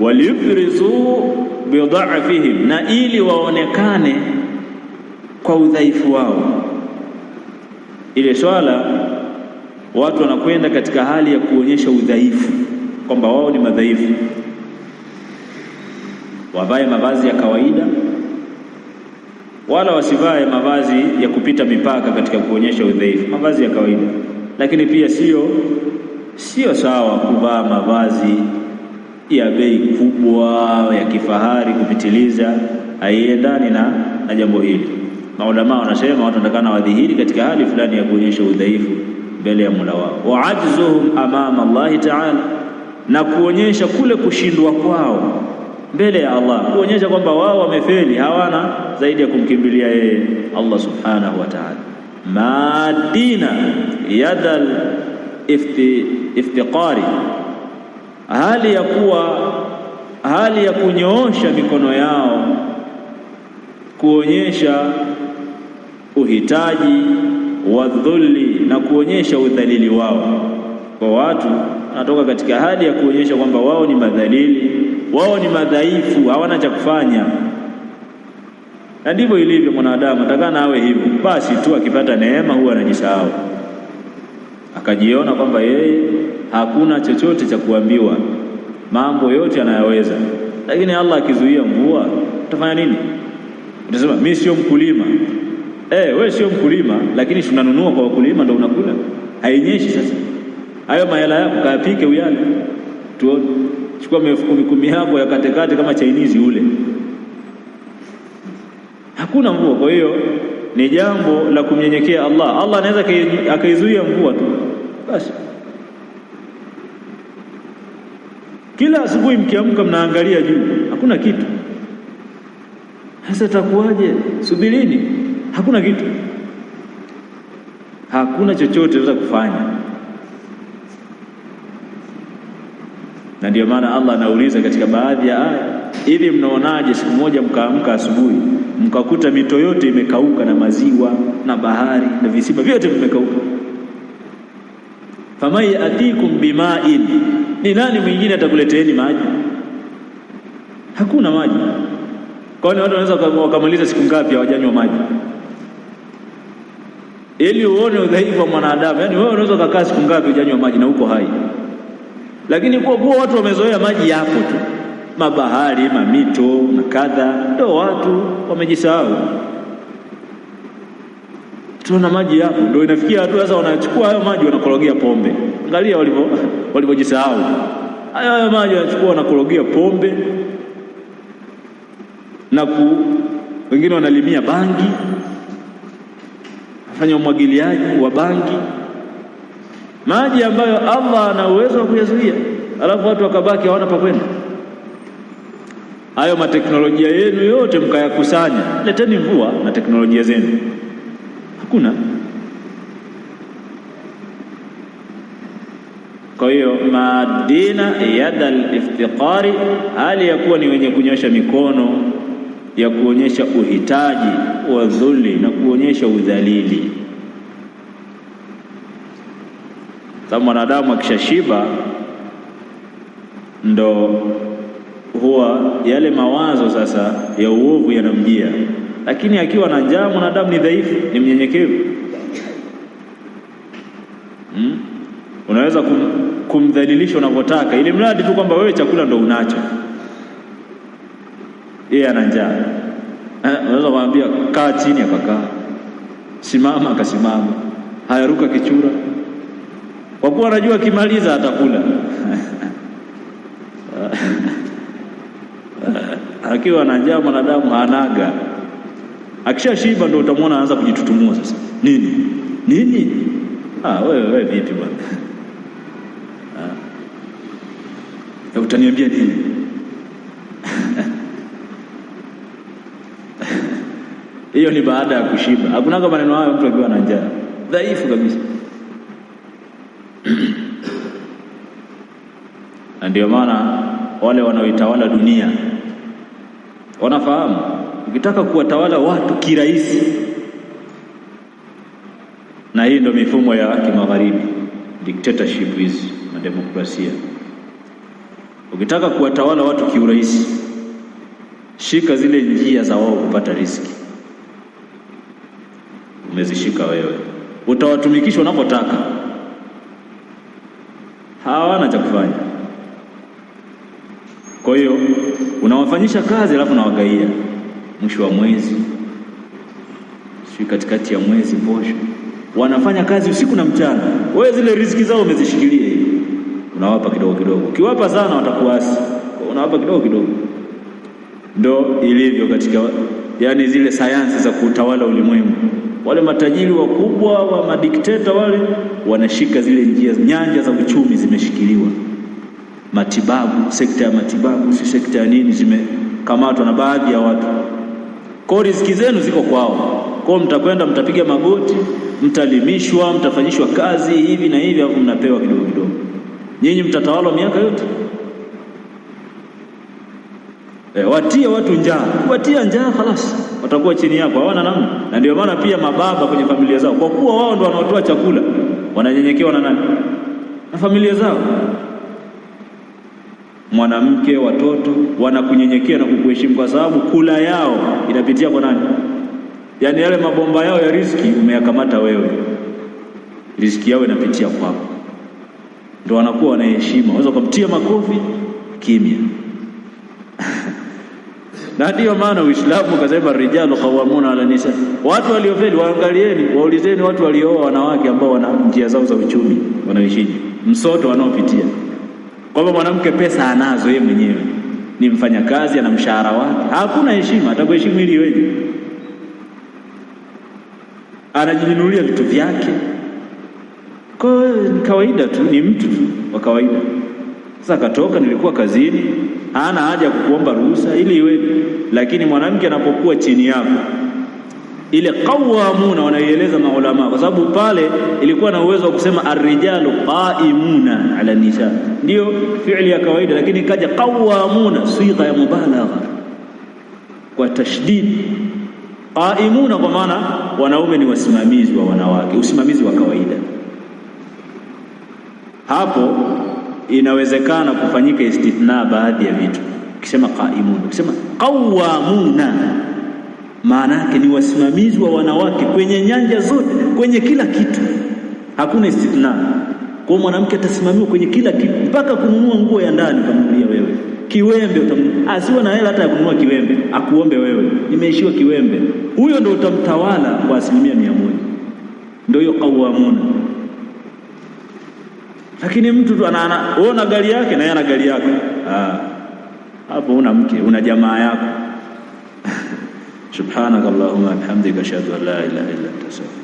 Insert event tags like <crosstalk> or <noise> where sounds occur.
waliyufrizu bidhafihim, na ili waonekane kwa udhaifu wao. Ile swala watu wanakwenda katika hali ya kuonyesha udhaifu kwamba wao ni madhaifu, wavae mavazi ya kawaida, wala wasivae mavazi ya kupita mipaka katika kuonyesha udhaifu, mavazi ya kawaida. Lakini pia sio sio sawa kuvaa mavazi ya bei kubwa ya kifahari kupitiliza haiendani na, na jambo hili. Maulamaa wanasema watu watakana wadhihiri katika hali fulani ya kuonyesha udhaifu mbele ya Mola wao, wa ajzuhum amama Allah taala, na kuonyesha kule kushindwa kwao mbele ya Allah, kuonyesha kwamba wao wamefeli, hawana zaidi ya kumkimbilia yeye Allah subhanahu wa taala. madina yadal ifti, iftiqari hali ya kuwa hali ya kunyoosha mikono yao kuonyesha uhitaji wa dhulli na kuonyesha udhalili wao kwa watu. Natoka katika hali ya kuonyesha kwamba wao ni madhalili, wao ni madhaifu, hawana cha kufanya. Na ndivyo ilivyo mwanadamu, atakana awe hivyo basi tu, akipata neema huwa anajisahau akajiona kwamba yeye hakuna chochote cha kuambiwa, mambo yote anayaweza. Lakini Allah akizuia mvua utafanya nini? Utasema mimi sio mkulima. Eh, wewe sio mkulima, lakini tunanunua kwa wakulima ndio unakula, hainyeshi. Sasa hayo mahela yako kayapike, uyale, tuone. Chukua mifuko mikumi yako ya katekate kama chainizi ule, hakuna mvua. Kwa hiyo ni jambo la kumnyenyekea Allah. Allah anaweza akaizuia mvua tu basi kila asubuhi mkiamka mnaangalia juu hakuna kitu sasa takuwaje subirini hakuna kitu hakuna chochote unaweza kufanya na ndio maana Allah anauliza katika baadhi ya aya, ili mnaonaje siku moja mkaamka asubuhi mkakuta mito yote imekauka na maziwa na bahari na visima vyote vimekauka famai atikum bimain, ni nani mwingine atakuleteeni maji? Hakuna maji. Kwa hiyo watu wanaweza wakamuuliza siku ngapi hawajanywa maji, ili uone udhaifu wa mwanadamu. Yani wewe unaweza ukakaa siku ngapi hujanywa maji na uko hai, lakini kwa kuwa watu wamezoea maji yapo tu, mabahari, mamito na kadha, ndio watu wamejisahau tuna maji yapo Ndio inafikia hatua sasa wanachukua hayo maji wanakorogea pombe. Angalia walivyo walivyojisahau. Hayo hayo maji wanachukua wanakorogea pombe na ku, wengine wanalimia bangi, fanya umwagiliaji wa bangi, maji ambayo Allah ana uwezo wa kuyazuia, alafu watu wakabaki hawana pa kwenda. Hayo mateknolojia yenu yote mkayakusanya, leteni mvua na teknolojia zenu hakuna. Kwa hiyo madina yada liftiqari, hali ya kuwa ni wenye kunyosha mikono ya kuonyesha uhitaji wa dhuli na kuonyesha udhalili, sababu mwanadamu akishashiba ndo huwa yale mawazo sasa ya uovu yanamjia lakini akiwa na njaa mwanadamu ni dhaifu, ni mnyenyekevu hmm? Unaweza kum, kumdhalilisha unavyotaka, ili mradi tu kwamba wewe chakula ndo unacho, yeye ana njaa. Unaweza kumwambia kaa chini, akakaa; simama, akasimama; hayaruka kichura, kwa kuwa anajua akimaliza atakula <laughs> akiwa na njaa mwanadamu anaga Akishashiba ndio utamwona anaanza kujitutumua sasa. Nini nini? Ah, wewe wewe vipi bwana? <laughs> Ah, utaniambia nini? <laughs> hiyo ni baada ya kushiba. Hakunaga maneno hayo mtu akiwa na njaa, dhaifu kabisa <clears throat> na ndio maana wale wanaoitawala dunia wanafahamu ukitaka kuwatawala watu kirahisi, na hii ndio mifumo ya kimagharibi, dictatorship hizi na demokrasia. Ukitaka kuwatawala watu kiurahisi, shika zile njia za wao kupata riziki, umezishika wewe, utawatumikisha unapotaka, hawana cha kufanya. Kwa hiyo unawafanyisha kazi alafu nawagaia mwisho wa mwezi, sio katikati ya mwezi, posho. Wanafanya kazi usiku na mchana, wewe zile riziki zao umezishikilia unawapa kidogo kidogo. Ukiwapa sana watakuasi, unawapa kidogo kidogo. Ndo ilivyo katika yani zile sayansi za kuutawala ulimwengu. Wale matajiri wakubwa wa madikteta wale wanashika zile njia, nyanja za uchumi zimeshikiliwa. Matibabu, sekta ya matibabu, si sekta ya nini, zimekamatwa na baadhi ya watu. Kwao riziki zenu ziko kwao. Kwao mtakwenda, mtapiga magoti, mtalimishwa, mtafanyishwa kazi hivi na hivi, au mnapewa kidogo kidogo. Nyinyi mtatawalwa miaka yote. E, watie watu njaa, watia njaa halasi, watakuwa chini yako, hawana namna. Na ndio maana pia mababa kwenye familia zao, kwa kuwa wao ndio wanaotoa chakula, wananyenyekewa na nani? Na familia zao mwanamke, watoto wanakunyenyekea na kukuheshimu, kwa sababu kula yao inapitia kwa nani? Yaani yale mabomba yao ya riziki umeyakamata wewe, riziki yao inapitia kwako, ndio wanakuwa wanaheshima. Unaweza kumtia makofi kimya <laughs> na ndiyo maana Uislamu ukasema rijalu qawamuna ala nisa. Watu waliofeli waangalieni, waulizeni watu walioa wanawake ambao wana njia zao za uchumi wanaishije, msoto wanaopitia kwamba mwanamke pesa anazo yeye mwenyewe, ni mfanyakazi, ana mshahara wake, hakuna heshima. Atakuheshimu ili weje? Anajinunulia vitu vyake, kwa ni kawaida tu, ni mtu tu wa kawaida. Sasa katoka, nilikuwa kazini, hana haja ya kukuomba ruhusa ili iweje? Lakini mwanamke anapokuwa chini yako ile qawamuna wanaieleza maulama kwa sababu pale ilikuwa na uwezo wa kusema arrijalu qaimuna ala nisa ndio fi'li ya kawaida, lakini kaja qawamuna, sigha ya mubalagha kwa tashdid. Qaimuna kwa maana wanaume ni wasimamizi wa wanawake, usimamizi wa kawaida. Hapo inawezekana kufanyika istithna baadhi ya vitu. Ukisema qaimuna, ukisema qawamuna, maana yake ni wasimamizi wa wanawake kwenye nyanja zote, kwenye kila kitu, hakuna istithna. Kwa mwanamke atasimamiwa kwenye kila kitu, mpaka kununua nguo ya ndani utanunulia wewe, kiwembe Asiwe na hela hata ya kununua kiwembe, akuombe wewe, nimeishiwa kiwembe. Huyo ndio utamtawala kwa asilimia mia moja, ndio hiyo qawamuna. Lakini mtu tu anaona gari yake na yeye ana gari yake, ah, hapo una mke, una jamaa yako. <laughs> Subhanakallahumma bihamdika ashhadu an la ilaha illa anta astaghfiruka